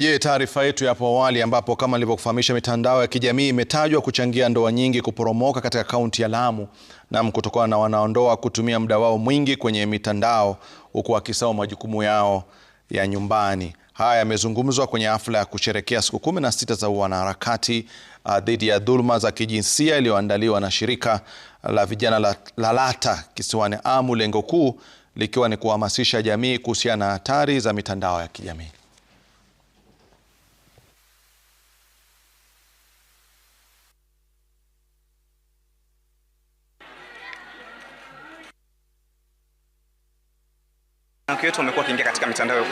Je, taarifa yetu ya hapo awali ambapo kama nilivyokufahamisha mitandao ya kijamii imetajwa kuchangia ndoa nyingi kuporomoka katika kaunti ya Lamu nam kutokana na wanaondoa kutumia muda wao mwingi kwenye mitandao huku wakisahau majukumu yao ya nyumbani. Haya yamezungumzwa kwenye hafla ya kusherekea siku kumi na sita za wanaharakati uh, dhidi ya dhuluma za kijinsia iliyoandaliwa na shirika la vijana la LALATA kisiwani Amu, lengo kuu likiwa ni kuhamasisha jamii kuhusiana na hatari za mitandao ya kijamii. mashabiki wetu wamekuwa wakiingia katika mitandao.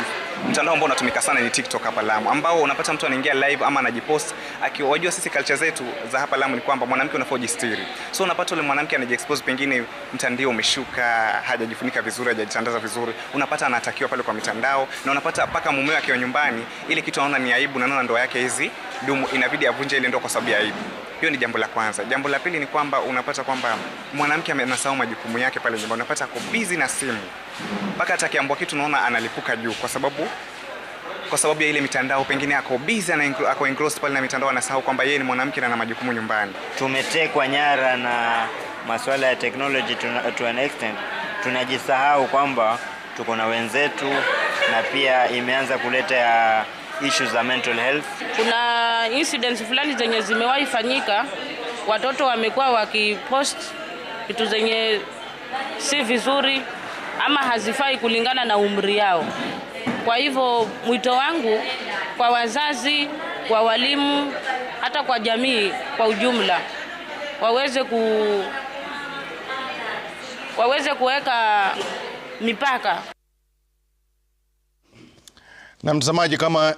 Mtandao ambao unatumika sana ni TikTok hapa Lamu, ambao unapata mtu anaingia live ama anajipost akiwajua. Sisi culture zetu za hapa Lamu ni kwamba mwanamke unafaa ujistiri, so unapata yule mwanamke anajiexpose, pengine mtandio umeshuka, hajajifunika vizuri, hajajitandaza vizuri, unapata anatakiwa pale kwa mitandao, na unapata mpaka mumeo akiwa nyumbani, ile kitu anaona ni aibu, na naona ndoa yake hizi Dumu inabidi avunje ile ndoa kwa sababu ya aibu. Hiyo ni jambo la kwanza. Jambo la pili ni kwamba unapata kwamba mwanamke anasahau majukumu yake pale nyumbani, unapata ako busy na simu, mpaka hata akiambua kitu unaona analipuka juu, kwa sababu kwa sababu ya ile mitandao, pengine ako busy na ako engrossed pale na mitandao, anasahau kwamba yeye ni mwanamke na ana majukumu nyumbani. Tumetekwa nyara na masuala ya technology to, to an extent tunajisahau kwamba tuko na wenzetu na pia imeanza kuleta ya issues za mental health. Kuna incidents fulani zenye zimewahi fanyika, watoto wamekuwa wakipost vitu zenye si vizuri ama hazifai kulingana na umri yao. Kwa hivyo mwito wangu kwa wazazi, kwa walimu, hata kwa jamii kwa ujumla waweze ku waweze kuweka mipaka. Na mtazamaji, kama